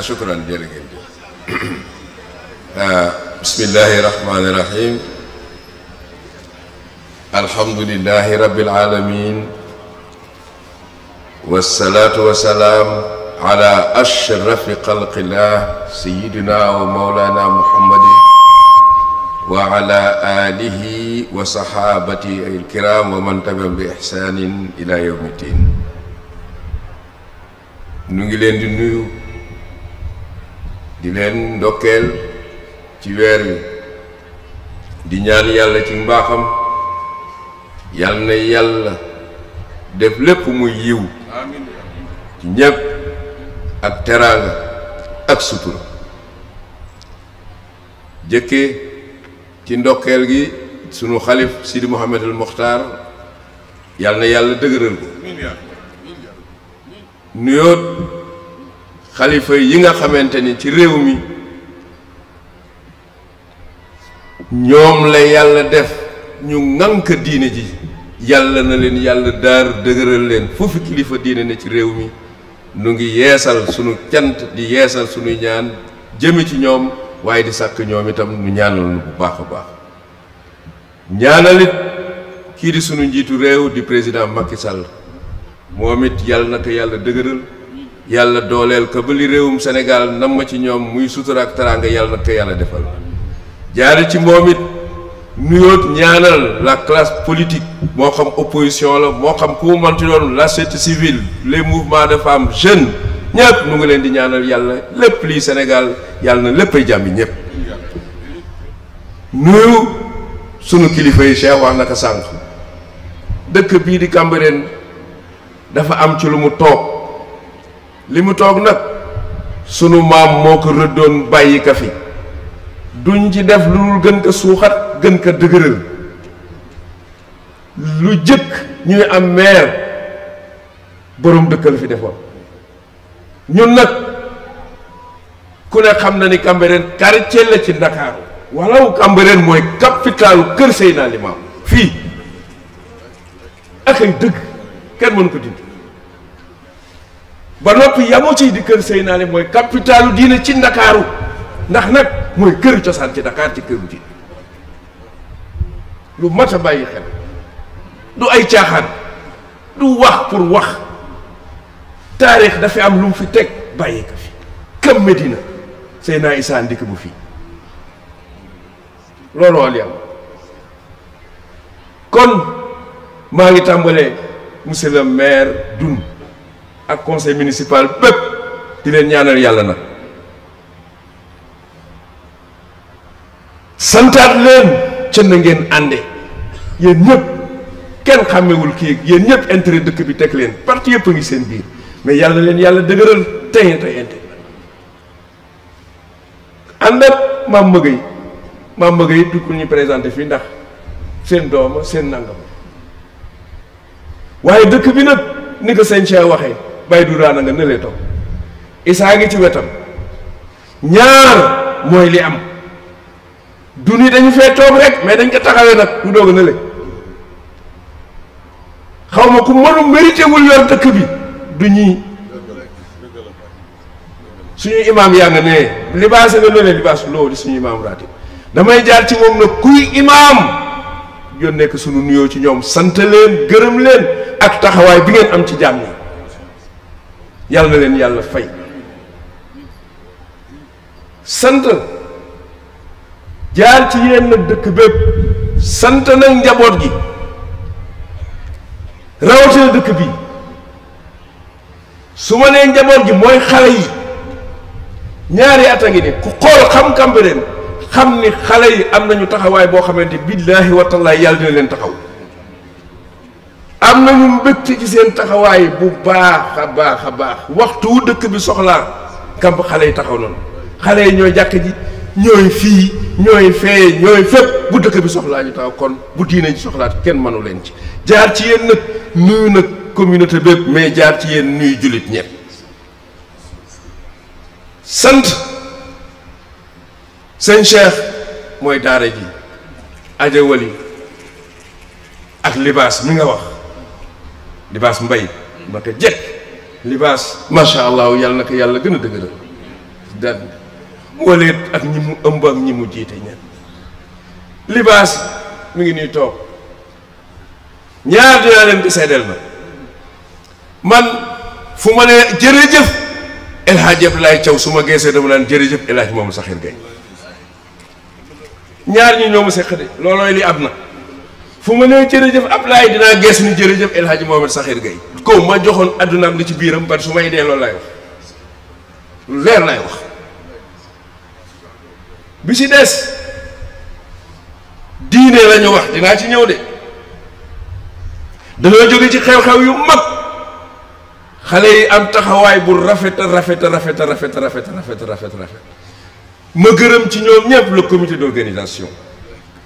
شكرا جزيلا جدا آه، بسم الله الرحمن الرحيم الحمد لله رب العالمين والصلاة والسلام على أشرف خلق الله سيدنا ومولانا محمد وعلى آله وصحابته الكرام ومن تبعهم بإحسان إلى يوم الدين لنا di leen ndokkeel ci weer wi di ñaan yàlla ci mbaaxam yàlla na yàlla def lépp muy yiw ci ñépp ak teraanga ak sutura jëkke ci ndokkeel gi sunu xalif Sidi Mouhamadul Mokhtar yàlla na yàlla dëgëral ko xalifa yi nga xamante ni ci réew mi ñoom la yàlla def ñu ŋànk diine ji yàlla na leen yàlla daar dëgëral leen foofu kilifa diine ne ci réew mi nu ngi yeesal sunu cant di yeesal sunuy ñaan jëme ci ñoom waaye di sàkk ñoom itam nu ñaanal nu bu baax a baax ñaanalit kii di sunu njiitu réew di président Macky Sall moom it yàlla na ko yàlla dëgëral yàlla dooleel ko ba li réewum Sénégal nam ma ci ñoom muy sutura ak taraanga yàlla na ko yàlla defal jaare ci moom it nuyoot ñaanal la classe politique moo xam opposition la moo xam ku mu manti la société civile les mouvements de femmes jeunes ñëpp mu ngi leen di ñaanal yàlla lépp lii Sénégal yàlla na lépp ay jàmbi ñëpp nuyu sunu kilifa yi Cheikh wax na ko sànq dëkk bii di Cambérène dafa am ci lu mu toog li mu toog nag sunu maam moo ko rëddoon bàyyi ka fi duñ ci def lu gën ko suuxat gën ko dëgëral lu jëkk ñuy am meer boroom dëkkal fi defoon ñun nag ku ne xam na ni Cambérène quartier la ci Ndakaaru walaw Cambérène mooy capitalu kër Seydina Limaam fii ak ay dëgg kenn mënu ko dindi ba noppi yamu ciy di kër naa ne mooy capitalu diine ci ndakaaru ndax nag mooy kër cosaan ci Dakar ci këru diine lu mat a bàyyi xel du ay caaxaan lu wax pour wax taarix dafa am lu mu fi teg bàyyi ko fi kam Medina Seydina Issa ndikk bu fii loolu al yàlla kon maa ngi tàmbalee monsieur le maire Dund ak conseil municipal bépp di leen ñaanal yàlla na santaat leen ca na ngeen ànde yéen ñëpp kenn xàmmewul kii yéen ñëpp intérêt dëkk bi teg leen parti yëpp a ngi seen biir mais yàlla leen yàlla dëgëral tey tey ànd ak maam mëgëy maam mëgëy du ko ñu présenté fii ndax seen dooma seen nangam waaye dëkk bi nag ni ko sëñ Cheikh waxee bay du raana nga nëlee toog isaa ngi ci wetam ñaar mooy li am du ni dañu fee toog rek mais dañ ko taxawee nag du doog a nële xaw ma ku mënu mérité wul yor dëkk bi du ñii suñu imaam yaa nga nee libaase nga nële libaas loolu suñu imaam raati damay jaar ci moom nag kuy imaam yoon nekk suñu nuyoo ci ñoom sant leen gërëm leen ak taxawaay bi ngeen am ci jàmm yàlla na leen yàlla fay sant jaar ci yéen dëkk bépp sant nag njaboot gi rawatina dëkk bi su ma nee njaboot gi mooy xale yi ñaari at a ngi ni ku xool xam Cambérène xam ni xale yi am nañu taxawaay boo xamante billaahi watallaahi yàlla dina leen taxaw am na nañu mbégte ci seen taxawaay bu baax a baax a baax waxtu wu dëkk bi soxlaa kamp xale yi taxaw noonu xale yi ñooy jàkk ji ñooy fii ñooy fee ñooy fépp bu dëkk bi soxlaa ñu taxaw kon bu diine ji soxlaat kenn mënu leen ci jaar ci yéen nag nuyu nag communauté bépp mais jaar ci yéen nuyu jullit ñépp sant sëñ Cheikh mooy daara ji ajawali ak libaas mi nga wax libaas mbay naka jekk libaas macha allah yàlla na yàlla gën a dëgëral daan waleet ak ñi mu ëmb ak ñi mu jiite ñan libaas mi ngi nii toog ñaar dinaa leen di seddeel ma man fu ma ne jërëjëf El Hadj Abdoulaye Thiaw su ma geesee dama naan jërëjëf El Hadj moomu Saxir Gaye ñaar ñi ñoomu seq de loolooy li am na fu ma nee jërëjëf Ablaye dinaa gees ni jërëjëf El Hadj Mohamed Sakhir Gueye ko ma joxoon àdduna am li ci biiram parce su may dee loolu laay wax lu leer laay wax bi ci des diine la ñu wax dinaa ci ñëw de dañoo jóge ci xew-xew yu mag xale yi am taxawaay bu rafet rafet rafet rafet rafet rafet rafet rafet ma gërëm ci ñoom ñëpp le comité d'organisation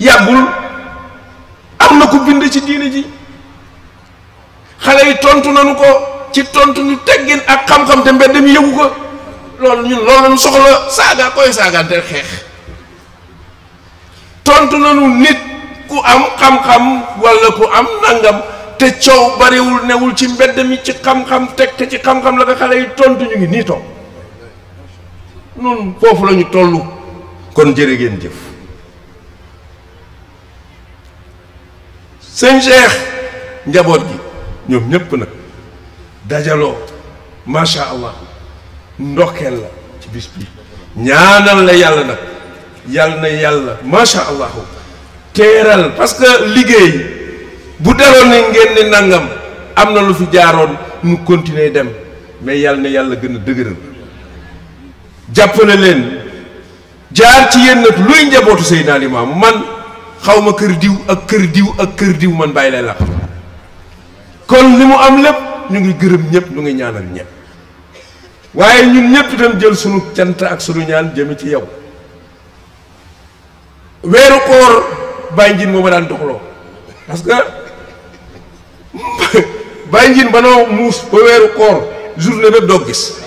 yàggul am na ku bind ci diine ji xale yi tontu nañu ko ci tontu ñu teggin ak xam-xam te mbedd mi yëgu ko loolu ñun loolu lañu soxla saaga koy saagaante xeex tontu nanu nit ku am xam-xam walla ku am nangam te coow barewul newul ci mbedd mi ci xam-xam teg te ci xam-xam la ko xale yi tontu ñu ngi nii toog foofu la ñu toll kon jërë ngeen jëf sëñ Cheikh njaboot gi ñoom ñëpp nag dajaloo macha allah ndokkeel la ci bis ñaanal la yàlla nag yàlla na yàlla macha allah teeral parce que liggéey bu deroon ni ngeen ni nangam am na lu fi jaaroon mu continuer dem mais yàlla na yàlla gën a dëgëral jàppale leen jaar ci yéen nag luy njabootu Seydina Limaamu man. xawma kër diw ak kër diw ak kër diw man bàyyi lay la kon li mu am lépp ñu ngi gërëm ñëpp lu ngi ñaanal ñëpp waaye ñun ñëpp itam jël sunu cant ak sunu ñaan jëme ci yow weeru koor bàyyi njiin moo ma daan doxloo parce bàyyi njiin ba noo muus ba weeru koor journée bépp doo gis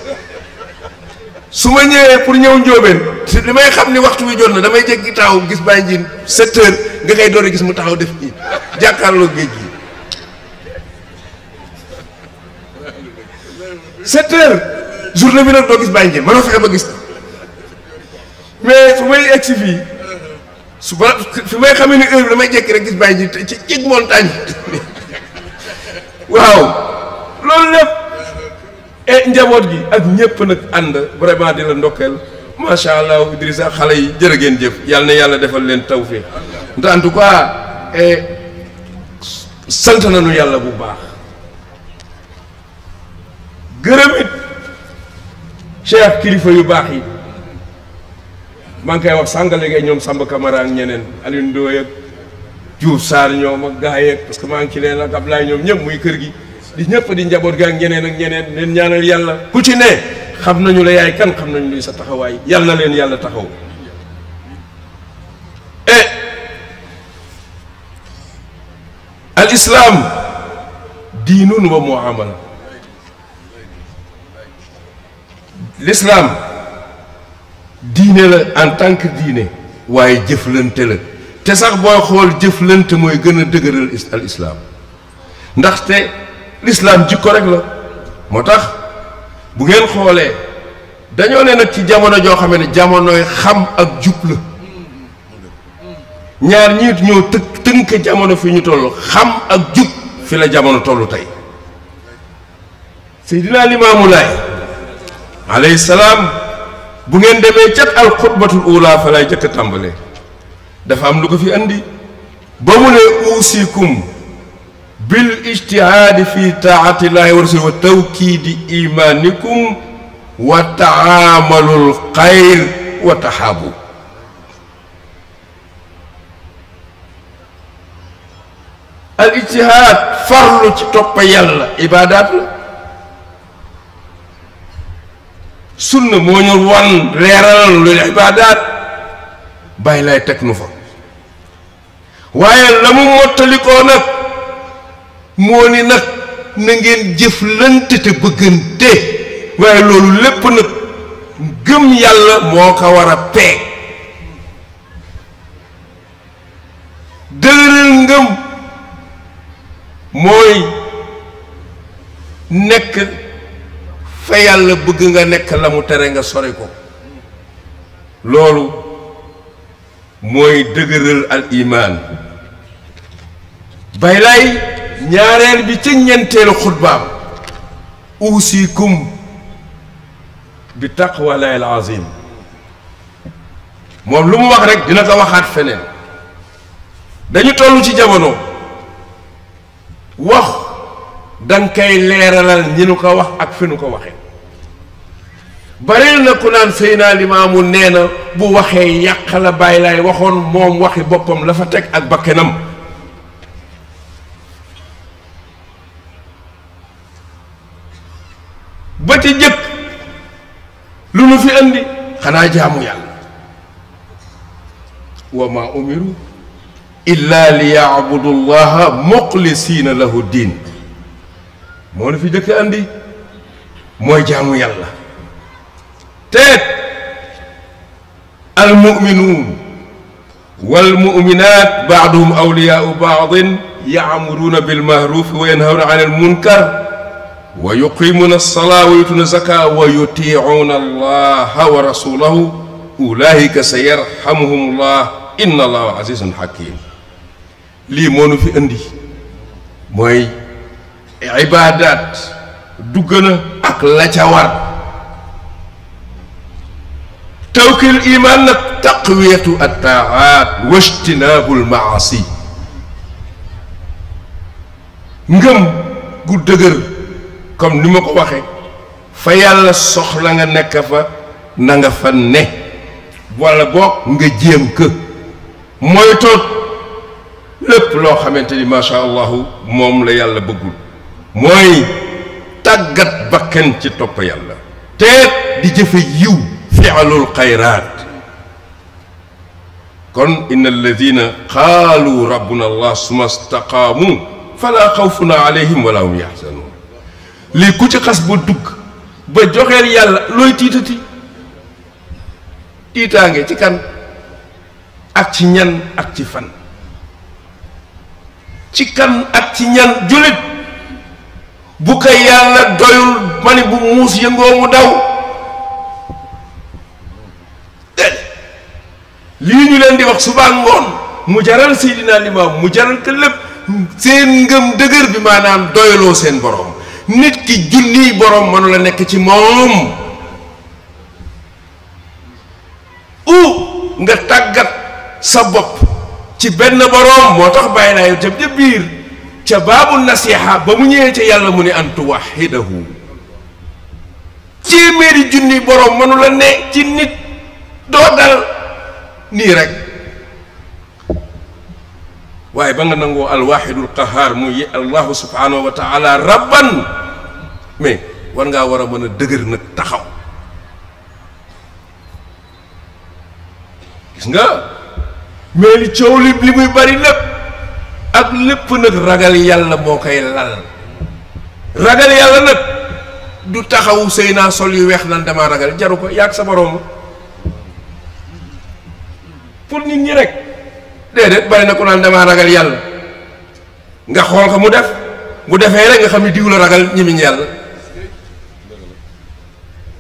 su ma ñëwee pour ñëw njóobeen si li may xam ni waxtu wi jot na damay jéggi taaw gis bàyyi njiin sept heures nga koy door gis mu taxaw def nii jàkkaarloo géej gi sept heures journée bi nag doo gis bàyyi njiin mënoo fexe ba gis mais su may egsi fii su ba su may xamee ni heure damay jékki rek gis bàyyi njiin ci cig montagne waaw loolu lépp e njaboot gi ak ñëpp nag ànd vraiment di la ndokkeel macha allah Idrissa xale yi jërë ngeen jëf yàlla na yàlla defal leen tawféex en tout cas e, sant yàlla bu baax gërëm it cheikh kilifa yu baax yi maa ngi koy wax sàngale ngay ñoom Samba Camara ñeneen Alioune Ndoye ak Diouf Sarr ñoom ak gaa yeeg parce que maa ngi ci leen ak ñoom ñëpp muy kër gi. di ñëpp di njaboot gaa ñeneen ak ñeneen leen ñaanal yàlla ku ci ne xam nañu la yaay kan xam nañu luy sa taxawaay yàlla leen yàlla taxaw e al islaam diinun wa muamala l'islaam diine la en tànk diine waaye jëflante la te sax booy xool jëflante mooy gën a dëgëral al ndaxte l'islam jikko rek la moo tax bu ngeen xoolee dañoo ne nag ci jamono joo xam ne jamonoy xam ak jub la ñaar ñiit ñoo të tënk jamono fi ñu toll xam ak jub fi la jamono tollu tey Seydina Limaamu Laay alayhi salaam bu ngeen demee cat al xutbatul ula fa jëkk tàmbalee dafa am lu ko fi andi ba mu ne uusikum بالاجتهاد في طاعة الله ورسوله وتوكيد إيمانكم وتعامل الخير وتحابوا الاجتهاد فرل توب يلا عبادات سنة مونيول وان ريرال للعبادات باي لاي تك نوفا waye lamu nak moo ni nag na ngeen jëflante te bëggante waaye loolu lépp nag gëm yàlla moo ko war a peeg dëgëral ngëm mooy nekk fa yàlla bëgg nga nekk la mu tere nga sore ko loolu mooy dëgëral al bay lay ñaareel bi ca ñeenteelu xutbaam uusikum bi taqwa lahi al azim moom lu mu wax rek dina ko waxaat feneen dañu toll ci jamono wax danga koy leeralal ñi nu ko wax ak fi nu ko waxee baril na ku naan sëy naa limaamu nee na bu waxee yàq la bàyyi laay waxoon moom waxi boppam la fa teg ak bakkenam ba ci jëkk lu nu fi andi xanaa jaamu yàlla wa ma umiru illa li yaabudu llaha muxlisiina lahu diin moo nu fi jëkk andi mooy jaamu yàlla teet almuminuun والمؤمنات بعضهم أولياء بعض يعمرون بالمعروف وينهون عن المنكر ويقيمون الصلاة ويؤتون الزكاة ويطيعون الله ورسوله أولئك سيرحمهم الله إن الله عزيز حكيم لي مونو في أندي موي عبادات دوغنا أك لا توكل ايمان تقوية الطاعات واجتناب المعاصي نغم غو comme ni mako waxe fa yàlla soxla nga nek fa na nga fa ne wala bok nga jéem kë moy toog lépp lo xamanteni ma sha allah mom la yàlla bëggul moy tagat bakken ci top yàlla te di jëfe yiw fialul khairat kon inna alladina qaalu rabbuna allah suma staqaamu fala xawfun alayhim wala hum yaxzanun li ku ci xas bu dugg ba joxeel yàlla looy tiitati tiitaange ci kan ak ci ñan ak ci fan ci kan ak ci ñan julit bu ko yàlla doyul mani bu muus yëngoo mu daw lii ñu leen di wax suba ngoon mu jaral sayidina limam mu jaral ko seen ngëm dëgër bi maanaam doyaloo seen borom nit ki junniy borom mënu la nekk ci moom u nga tàggat sa bopp ci benn borom moo tax bàyyi naa yow tam ca ca baabu nasiha ba mu ñëwee ca yàlla mu ni an tuwahidahu téeméeri junniy borom mënu ne ci nit doo nii rekk waaye ba nga nangoo al qahaar muy allahu subhanahu wa taala rabban mais war ngaa war a mën a dëgër nag taxaw gis nga mais li coow li li muy bari lépp ak lépp nag ragal yàlla boo koy lal ragal yàlla nag du taxaw sëy naa sol yu weex lan damaa ragal jaru ko yàgg sa borom pour nit ñi rek déedéet bari na ko naan damaa ragal yàlla nga xool ko mu def bu defee rek nga xam ne diw la ragal ñi yàlla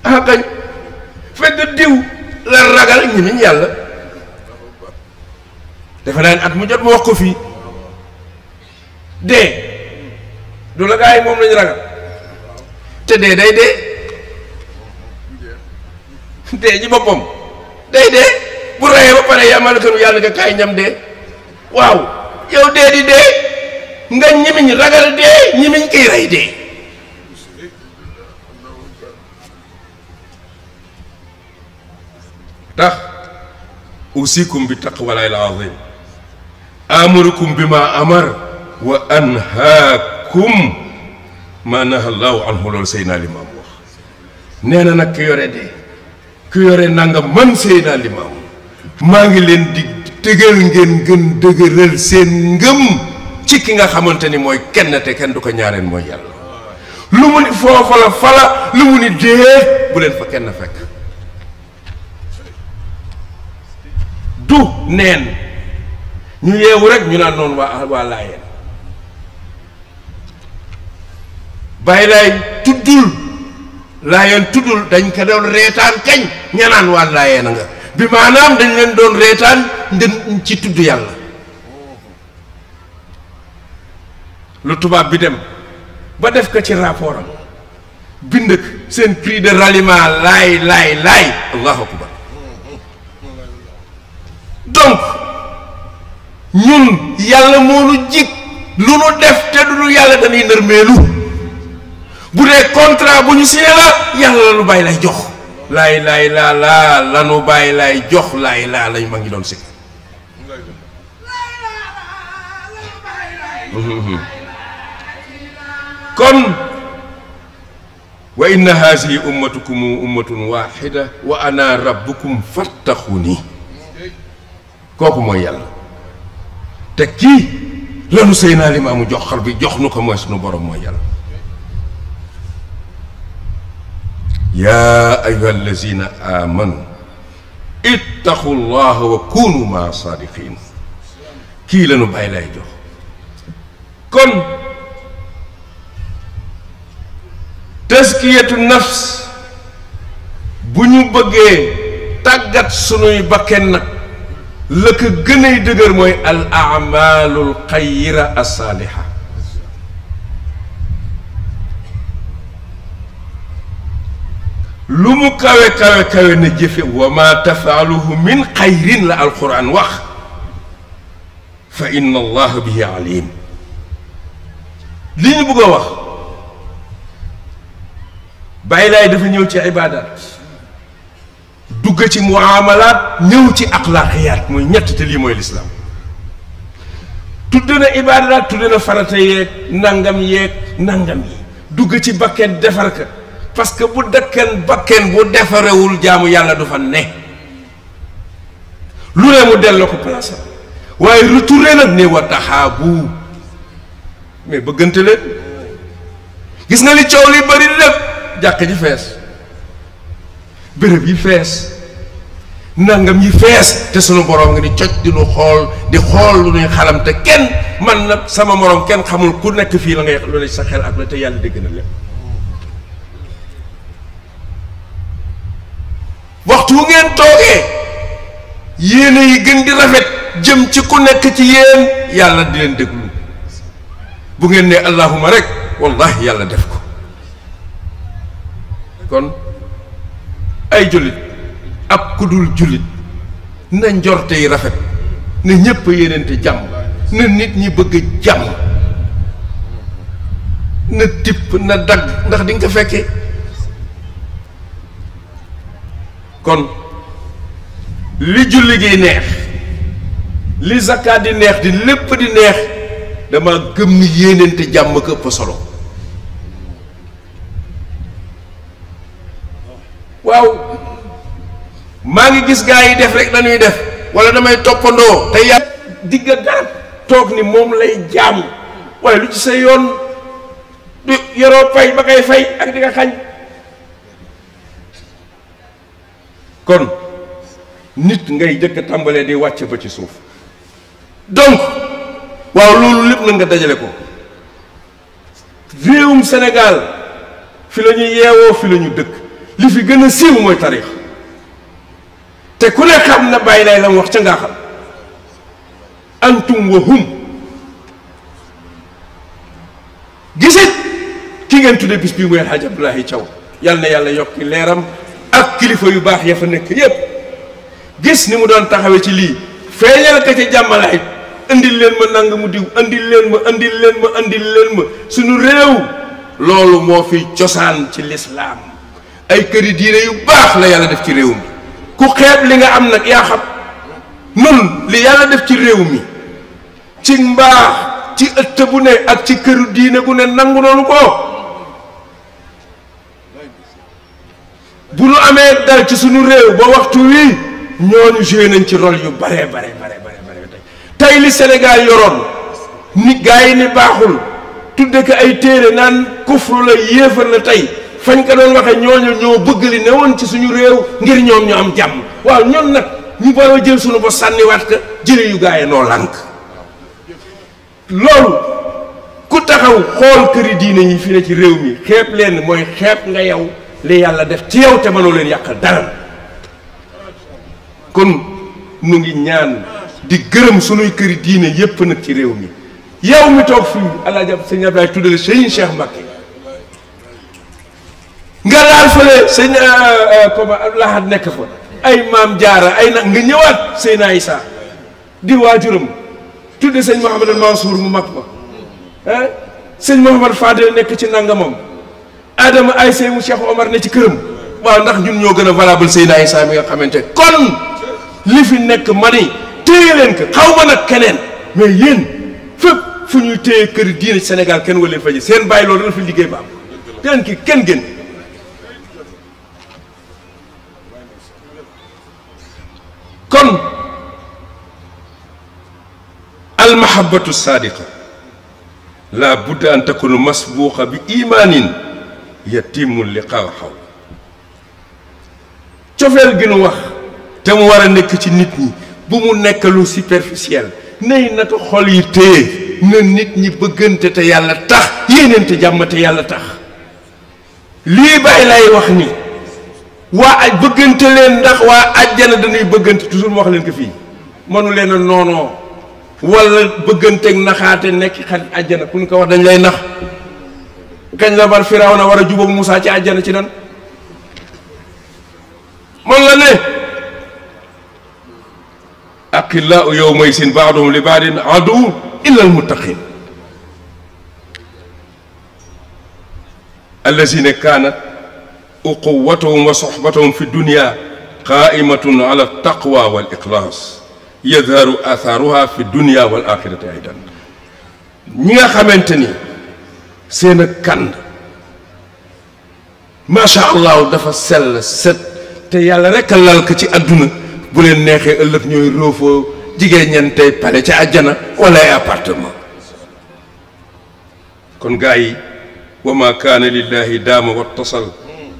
ah kañ fekk diw la ragal ñu yàlla dafa at mu jot mu wax ko fii dee du la gaa yi moom lañu ragal te dee day dee dee ji boppam day dee bu reyee ba pare yaa malakanu yàlla nga kaay ñam dee waaw yow dee di dee nga ñimiñ ragal dee ñimiñ kiy rey dee tax usikum bi taqwalaay al azim bi ma amar wa anhaakum ma naha llahu anhu loolu Seydina Limaam wax nee na nag ku yore de ku yore nanga man Seydina Limaam maa ngi leen di dëgal ngeen gën dëgëral seen ngëm ci ki nga xamante ni mooy kenn te kenn du ko ñaareel mooy yàlla lu mu ni foofa la fala lu mu ni déet bu leen fa kenn fekk du neen ñu yeewu rek ñu naan noonu waa waa laayeen bàyyi laay tuddul laayeen tuddul dañ ko doon reetaan kañ ñanaan waa laayeen a nga bi maanaam dañ leen doon reetaan ndën ci tudd yàlla lu tubaab bi dem ba def ko ci rapport am bind seen cri de ralliement laay laay laay ñun yàlla moo nu jig lu nu def te du lu yàlla dañuy nërmeelu bu dee contrat bu ñu signé la yàlla la nu bàyyi lay jox laay la nu bàyyi lay ma ngi doon sikk kon wa inna haasihi ummatukum ummatun waaxida wa ana rabbukum fattaxuni kooku mooy yàlla te kii lanu sëy naa limaamu jox xar bi jox nu ko mooy sunu borom mooy yàlla yaa ayuha allazina amanu ittaqu llaha wa kunu maa saadiqin kii lanu bàyyi lay jox kon taskiyatu nafs bu ñu bëggee tàggat sunuy bakken nag لك جني دغر موي الاعمال القيره الصالحه لومو كاوي كاوي كاوي نجيفي وما تفعله من خير لا القران واخ فان الله به عليم لي نبغى وخ باي لاي دا عبادات dugg ci muamalaat ñëw ci axlaaqiyaat mooy ñett te lii mooy lislaam tudd na ibaadaat tudd na farata yeeg nangam yeeg nangam yi dugg ci bakken defar ka parce que bu dëkken bakken bu defarewul jaamu yàlla du fa ne lu ne mu dell ko place waaye retourné nag ne wa taxaabu mais bëggante leen gis nga li coow li bari lépp jàkk ji fees béréb yi fees nangam yi fees te sunu borom nga ni coj di lu xool di xool lu nuy xalam te kenn man nag sama morom kenn xamul ku nekk fii la ngay lu sa xel ak la te yàlla dégg na lépp waxtu wu ngeen toogee yéene yi gën di rafet jëm ci ku nekk ci yéen yàlla di leen déglu bu ngeen ne allahuma rek wallahi yàlla def ko kon ay jullit ab ku dul jullit na njorte yi rafet na ñépp a yéenante jàmm na nit ñi bëgg jàmm na tipp na dagg ndax dinga nga ko fekkee kon li julli gi neex li zakkaat di neex di lépp di neex dama gëm ni yéenante jàmm ko ëpp solo waaw maa gis gaay yi def rek lañuy def wala damay topando te ya digga garab tok ni mom lay jam way lu ci sa yoon du fay ba kay fay ak diga xagn kon nit ngay jëk tambalé di wacce ba ci suuf donc waaw loolu lepp na nga dajalé ko réewum sénégal fi lañuy yéwo fi lañu dëkk li fi gëna siiw moy tariikh te ku ne xam na bàyyi lay lam wax ca nga xam antum wa hum gisit ki ngeen tudde bis bi muy alhaaj abdoulahi thiaw yàlla na yàlla yokki leeram ak kilifa yu baax ya fa nekk yépp gis ni mu doon taxawe ci lii feeñal ka ci jàmmalaay andil leen ma nang mu diw andil leen ma andil leen ma andil leen ma suñu réew loolu moo fi cosaan ci lislaam ay këri diine yu baax la yàlla def ci réew ku xeeb li nga am nag yaa xam nun li yàlla def ci réew mi ci mbaax ci ëtt bu ne ak ci kër diine gu ne nangu noonu ko bu nu amee dal ci suñu réew ba waxtu wii ñooñu joué nañ ci rôle yu bare bare bare bare tey li Sénégal yoroon ni gaa yi ni baaxul tudde ko ay téere naan kufru la yéefar la tey fañ ko doon waxee ñoo ñoo bëgg li ne woon ci suñu réew ngir ñoom ñu am jàmm waaw ñoom nag ñu war jël suñu ba sànniwaat ko jële yu gaaye noo lànk loolu ku taxaw xool këri diine yi fi ne ci réew mi xeeb leen mooy xeeb nga yow li yàlla def ci yow te mënoo leen yàq dara kon nu ngi ñaan di gërëm sunuy këri diine yépp nag ci réew mi yow mi toog fii alaajab sëñ Abdoulaye tuddale sëñ Cheikh Mbacké nga laal fële sëñ euh, euh, comme Abdoulaye nekk fa ay maam jaara ay nag nga ñëwaat Seyna Issa di waajuram tudde sëñ Mouhamadou Mansour mu mag ma ah sëñ Mouhamadou Fadel nekk ci nangamam Adama ay sëñ mu Cheikh Omar na ci këram waaw ndax ñun ñoo gën a valable Seyna Issa mi nga xamante kon li fi nekk mani téye leen ko xaw ma nag keneen mais yéen fépp fu ñuy téye kër diine senegal kenn wala faji seen bàyyi loolu la fi liggéey ba am kenn ki kenn gën. كن المحبة الصادقة لا بد أن تكون مسبوقة بإيمان يتم اللقاء حول تفعل جنوح تموار نكت نتني بمو نكلو سيبرفيسيال ني نتو خولي تي ننت ني بغن تتيال تخ ينين تجام تيال تخ لي باي لاي وخني waa ay bëggante leen ndax waa àjjana dañuy bëggante toujours moo wax leen ko fii mënu leen a noonoo wala bëgganteeg naxaate nekk xarit àjjana ku ñu ko wax dañ lay nax kañ la bar Firawna war a jubóobu Moussa ci àjjana ci nan man la ne aqillaau yawmaysin baaduhum li baadin aduw illa almuttaqin allazina kaanat قوتهم وصحبتهم في الدنيا قائمة على التقوى والإخلاص يظهر أثارها في الدنيا والآخرة أيضا نيغا خامتني سين كان ما شاء الله دفا سل ست تي يالا رك لالك تي ادنا بولين نيهي الله نيوي روفو جيجي نيان بالي تي اجانا ولا ابارتمون كون غاي وما كان لله دام واتصل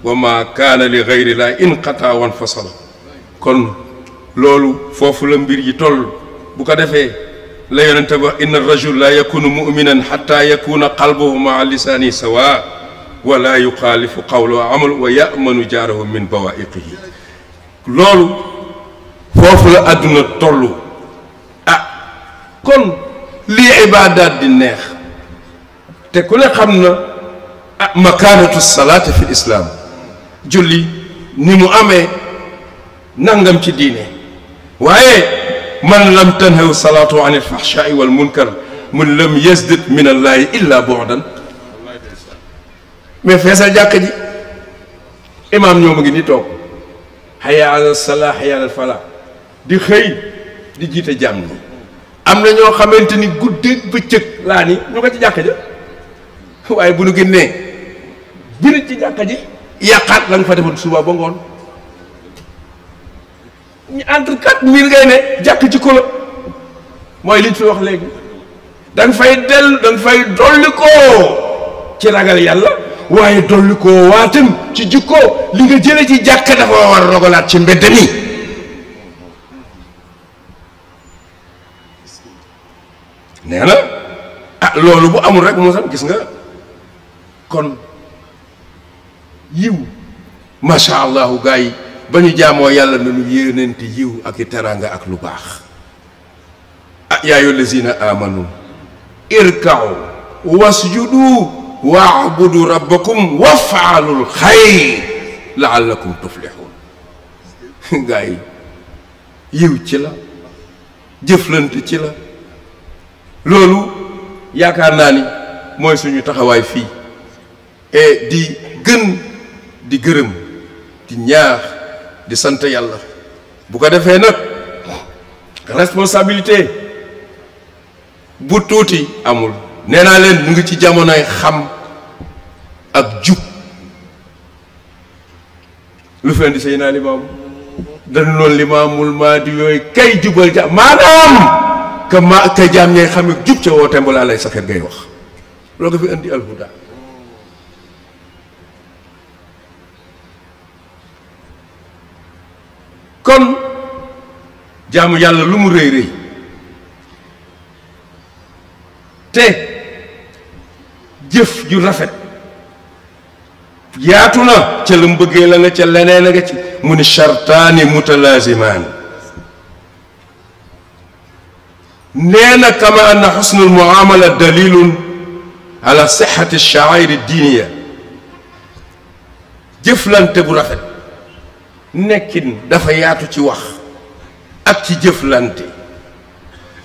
وما كان لغير الله إن قطع وانفصل كن لولو فوف لمبير يتول بوكا دفي لا ينتبه إن الرجل لا يكون مؤمنا حتى يكون قلبه مع لسانه سواء ولا يخالف قوله وعمل ويأمن جاره من بوائقه لولو فوف لأدنى تولو أه. كن لي عبادات دي تكون خمنا مكانة الصلاة في الإسلام julli ni mu amee nangam ci diine waaye man lam tanhaw salaatu an alfahshai wal munkar mun lam yasdid min allahi illa bu'dan mais feesal jàkk ji imaam ñoo ma ngi ni toog xaya ala salaa xaya ala falaa di xëy di jiite jàmm ni am na ñoo xamante ni guddeeg bëccëg laa ni ñu ko ci jàkk ja waaye bu nu génnee birit ci jàkk ji yakat la fa defon suba bo ngon ñu entre quatre mille ngay ne jàkk ci kula mooy liñ fi wax legi dang fay del dang fay doliko ci ragal yalla waye doliko koo ci jikko li nga jele ci jakk dafa war a ci mbeddemi neena ah loolu bu amul rek mo sam gis nga kon yiw macha allahu gars yi ba ñu jaamoo yàlla nañu yéeneente yiw ak i teraanga ak lu baax ah yaayu lazina amanu irkau wasjudu waabudu rabbakum wafaalul xayr laallakum tuflixuun gars yi yiw ci la jëflante ci la loolu yaakaar naa ni mooy suñu taxawaay fii di gën di gërëm di ñaar di sante yalla bu ko defee nak responsabilité bu tuti amul nee len mu ngi ci ay xam ak juk lu fen di sey naa limaamu dañu loon limaamul maadi yooyu kay jubal ja manam ke ma ke jam ñay xam ak jub ca woo alay sa xet ngay wax lo ko fi andi alhuda kon jaamu yàlla lu mu reey reey te jëf ju rafet yaatu na ca la mbëggee la nga ca leneen nga ci mu ni chartaani mutalazimaani nee na kama anna xusnul muamala dalilun ala sixati shaairi diiniya jëflante bu rafet nekkin dafa yaatu ci wax ak ci jëflante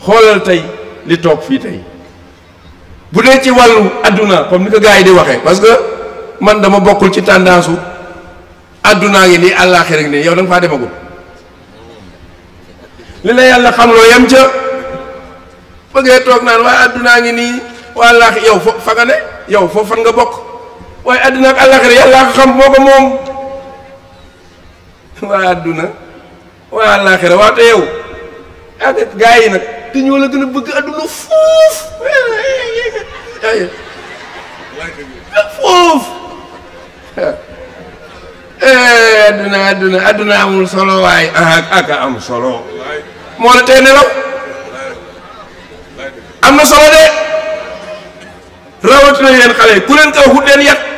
xoolal tey li toog fii tey bu dee ci wàllu àdduna comme ni ko gars yi di waxee parce que man dama bokkul ci tendance u àddunaa ngi nii àllaaxira ngi nii yow da nga faa demagul li la yàlla xamloo yem ca bëggee toog naan waaye àddunaa ngi nii waa yow fo nga fan nga bokk waaye àdduna ak àllaaxira yàllaa xam moo ko moom waa adduna waa àllaaxira waa te yow ak ah, nag te ñoo la gën bëgg adduna foof foof adduna eh, adduna amul solo waaye ah, ak am solo moo la tey nelaw am na solo de rawatina yéen xale yi ku leen ko yat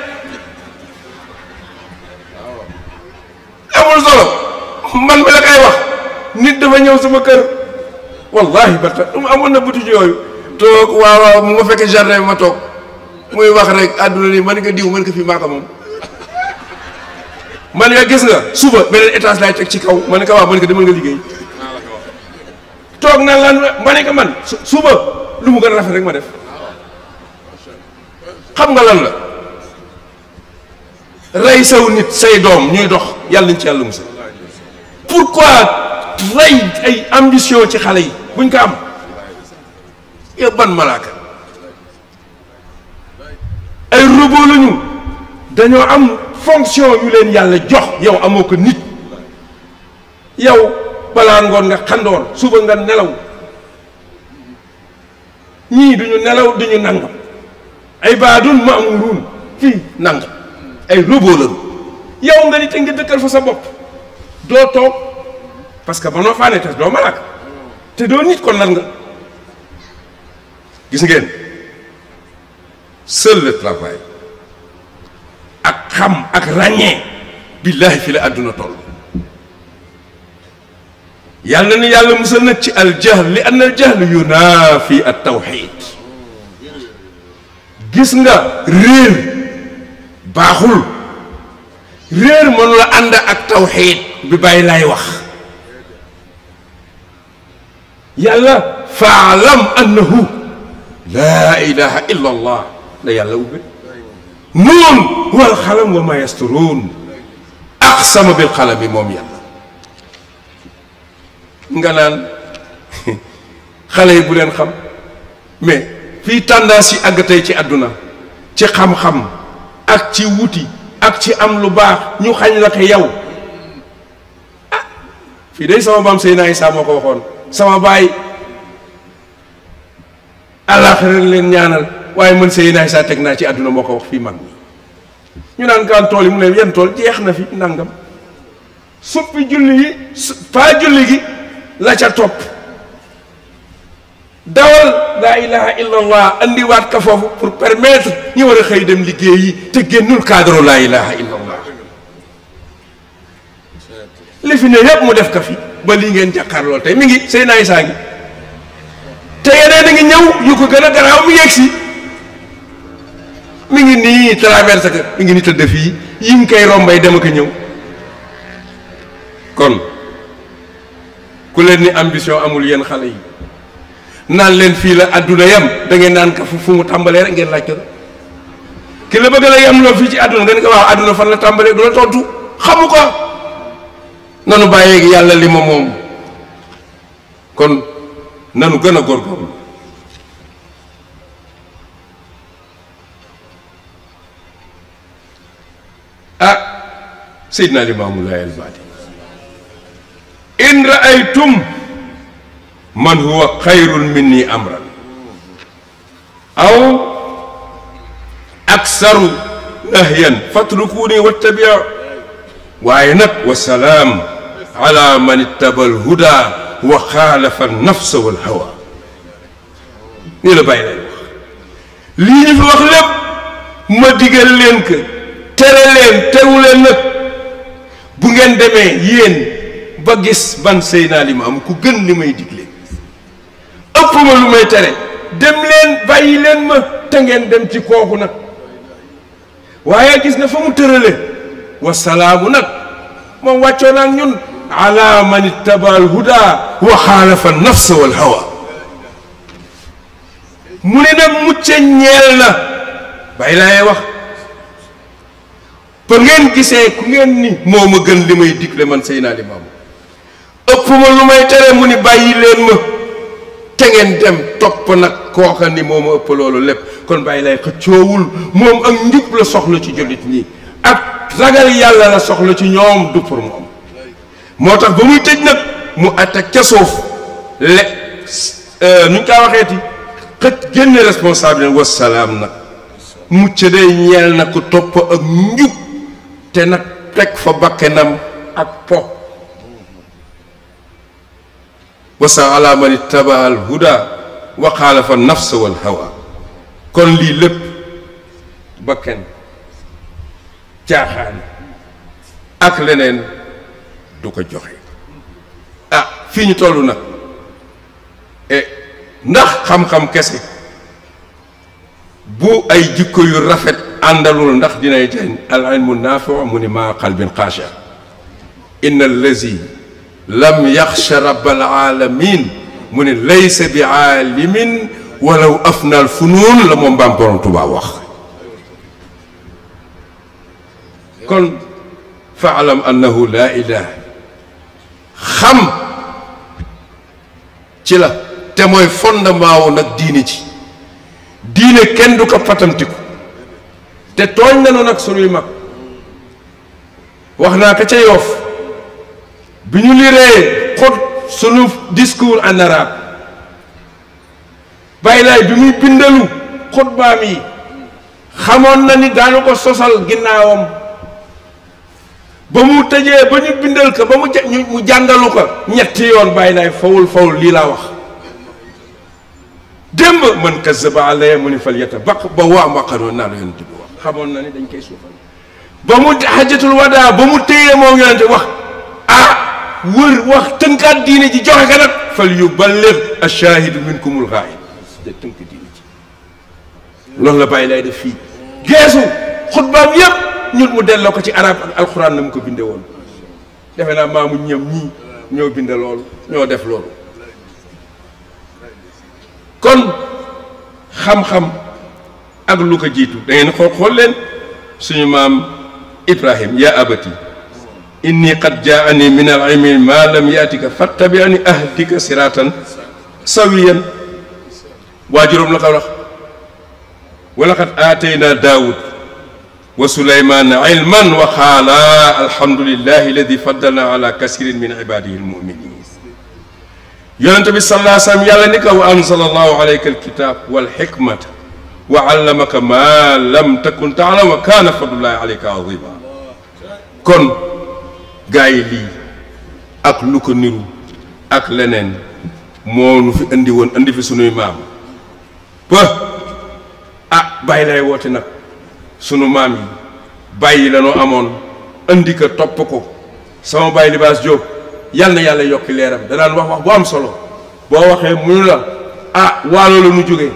amul solo man mi la koy wax nit dafa ñew sama kër wallahi barta amoon na butu joyu tok wa wa mu ma fekk jardin ma tok muy wax rek aduna ni man nga diw man ko fi maa mom man nga gis nga suba benen étage lay tek ci kaw man nga wa man nga demal nga liggey tok na lan man ne man suba lu mu gën rafet rek ma def xam nga lan la rey saw nit say doom ñuy dox yàlla nañ ci yàlla musal pourquoi rey ay ambition ci xale yi buñ ko am yow ban malaaka ay robot dañoo am fonction yu leen yàlla jox yow amoo ko nit yow balaa ngoon nga xandoor suba nga nelaw ñii duñu nelaw duñu nangam ay baadun ma amul ruun fii nangam ay robot la yow nga ni te nga dëkkal fa sa bopp doo toog parce que mënoo faa ne te doo malaaka te doo nit kon lan nga gis ngeen seul le travail ak xam ak ràññee billaahi fi la àdduna toll yàlla ni yàlla musal nag ci aljahl li ann aljahl yunaafi at tawxid gis nga réer baxul reer mënu la ànd ak tawxiid bi Ya lay wax yàlla faalam annahu la ilaha illa allah la yàlla ubbe wal xalam wa ma yasturuun aqsama bil xalam bi moom yàlla nga naan xale yi bu leen xam mais fii tendance yi àgg tey ci àdduna ci xam-xam ak ci wuti ak ci am lu baax ñu xañ la ko yow ah fii day sama baam Seydina saa moo ko waxoon sama baay àllaaxira leen ñaanal waaye mën man Seydina Isaa teg naa ci àdduna moo ko wax fii mag ñu naan kaan tool yi mu ne yenn tool jeex na fi nangam suppi julli yi faa julli gi la ca topp dawal laa ilaha illa allah ka foofu pour permettre ñu war a xëy dem liggéey yi te génnul cadre laa ilaha illa allah li fi ne yëpp mu def ka fi ba lii ngeen jàkkaar lool tey mi ngi sëy naay saa ngi te yeneen a ngi ñëw yu ko gën a garaaw mu yegg si mi ngi nii traversé ka mi ngi ni tëdd fii yi ngi koy rombay dem ak a ñëw kon ku leen ni ambition amul yéen xale yi naan leen fii la adduna yam da ngeen naan ka fu mu tàmbalee rek ngeen laaj ko ki la bëgg la yam loo fii ci adduna nga ne waaw adduna fan la tàmbalee du la tontu xamu ko nanu bàyyeeg yàlla li ma moom kon nanu gën a góorgóorlu ah Seydina Limaamu Laay al in raaytum من هو خير مني امرا او اكثر نهيا فاتركوني واتبعوا وعينك وسلام على من اتبع الهدى وخالف النفس والهوى لي في وخلب ما ديغال لينك تري لين تيول لينك بو نين ديمي بان سينا لي مام كو غن لي toppuma lu may tere dem leen bàyyi leen ma te ngeen dem ci kooku nag waaye gis na fa mu tërale wasalaamu nag moom wàccoon ñun ala man ittaba alhuda wa xaalafa nafsa hawa mu ne nag mucce ñeel na bàyyi laay wax ba ngeen gisee ku ngeen ni moo ma gën li may digle man Seydina Limaamu ëpp ma lu may tere mu ni bàyyi ma te ngeen dem top nak ko xani ni ëpp lolu lépp kon bay lay xëccoowul mom ak njub la soxla ci jëlit ni ak ragal yalla la soxla ci ñoom du pour moom moo tax muy tëj nag mu atta ca suuf le euh, nu ñu kaa ti xëc génne responsable leen wasalaam nag mucc day ñeel nak top ak njub té nak tek fa bakkenam ak po وسا على من اتبع الهدى وخالف النفس والهوى كن لي لب بكن جاحان اك لنين دوكو جوخي اه فيني تولونا إيه، ناخ خم خم كسي بو اي جيكو يو رافيت اندالول ناخ ديناي جاين العلم النافع من ما قلب قاشع ان الذي لم يخش رب العالمين من ليس بعالم ولو افنى الفنون لم بام بون توبا واخ كن فاعلم انه لا اله خم تيلا تي موي فوندماو نك ديني جي ديني كين دوكا فاتامتيكو تي توغ نانو نك سوني ماك واخنا كا يوف bi ñu liree xot sunu discours en arabe bàyyi laay bi muy bindalu xutbaam yi xamoon na ni daanu ko sosal ginnaawam ba mu tëjee ba ñu bindal ko ba mu mu ko ñetti yoon bàyyi laay fawul fawul lii laa wax démb man kazzaba alaya mu ni fal yata baq ba waa maqaroo naa la yonente bi wax xamoon na ni dañ koy suufal ba mu xajatul wadaa ba mu téye moom yonente wax ah, wër wax tënkaat diine ji joxe ka nag fal yuballigh ash-shahidu minkumul ghaib loolu la bàyyi lay def fii geesu xutbaam yëpp ñun mu delloo ko ci arab alxuraan na mu ko binde woon defe naa maamu ñam ñii ñoo binde loolu ñoo def loolu kon xam-xam ak lu ko jiitu da xool xool leen suñu maam Ibrahim yaa abati إني قد جاءني من العلم ما لم يأتك فاتبعني أهدك صراطا سويا واجرم لك ولك ولقد آتينا داود وسليمان علما وقالا الحمد لله الذي فضلنا على كثير من عباده المؤمنين يونت بي صلى الله عليه وسلم وانزل الله عليك الكتاب والحكمه وعلمك ما لم تكن تعلم وكان فضل الله عليك عظيما كن gaa yi lii ak lu ko niru ak leneen moo nu fi indi woon indi fi sunuy maam ba ah bàyyi lay woote nag sunu maam yi bàyyi la noo amoon indi ko topp ko sama bàyyi libaas Jóob yal na yàlla yokki leeram da wax wax bu am solo boo waxee munu la ah waalo la nu jógee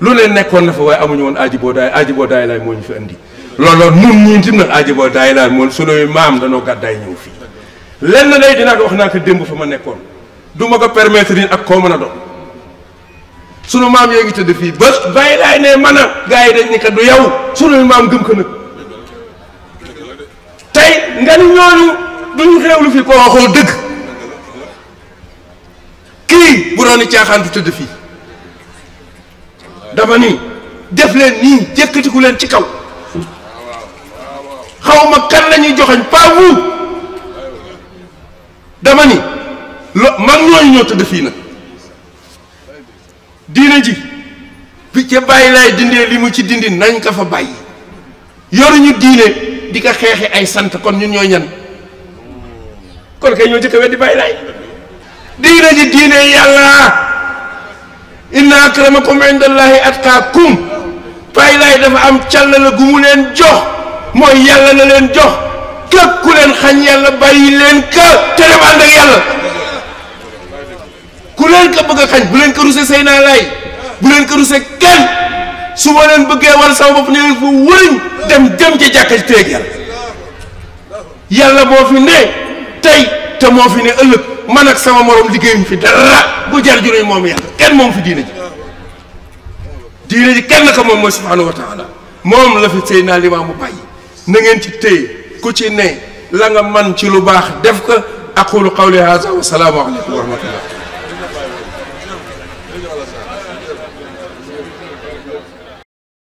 lu ne nekkoon na fa waaye amuñu woon aji boo daay aji boo daay lay moo ñu fi indi lool nun ñii tim na aji boo day naan moom sunuy maam danoo gàddaay ñëw fii lenn lay dinaa ko wax naa ko démb fa ma nekkoon du ma ko permettre ni ak koo mën a doon sunu maam fii ba bàyyi laay ne maam gëm ko tey nga ni ñooñu duñu xeewlu fi koo waxul dëgg kii bu doon caaxaan du tëdd fii dama ni def leen nii jékkatiku leen ci kaw xaw ma kan la ñuy joxañ pas dama ni lo mag ñooñu ñoo tëdd fii nag diine ji bi ca bàyyi laay dindee li mu ci dindi nañ ko fa bàyyi yoruñu diine di ko xeexi ay sant kon ñun ñooy ñan kon kay ñoo jëkk a weddi bàyyi laay diine ji diine yàlla inna akramakum indallahi atqaakum bàyyi laay dafa am càll la gu mu leen jox mooy yàlla na leen jox képp ku leen xañ yàlla bàyyi leen ka te dem ak yàlla ku leen ko bëgg xañ bu leen ko ruse say naa bu leen ko ruse kenn su ma leen bëggee war sama bopp ne leen fa wëriñ dem dem ci jàkka teeg yàlla yàlla boo fi ne tey te moo fi ne ëllëg man ak sama morom liggéeyuñ fi dara bu jar juróomi moom yàlla kenn moom fi diina ji diina ji kenn ko moom mooy subhanahu wa taala moom la fi Seydina Limaamu na ngeen ci tey ku ci ne la man ci lu baax def ko aqulu qawli haza wa salaamu aleykum wa rahmatullah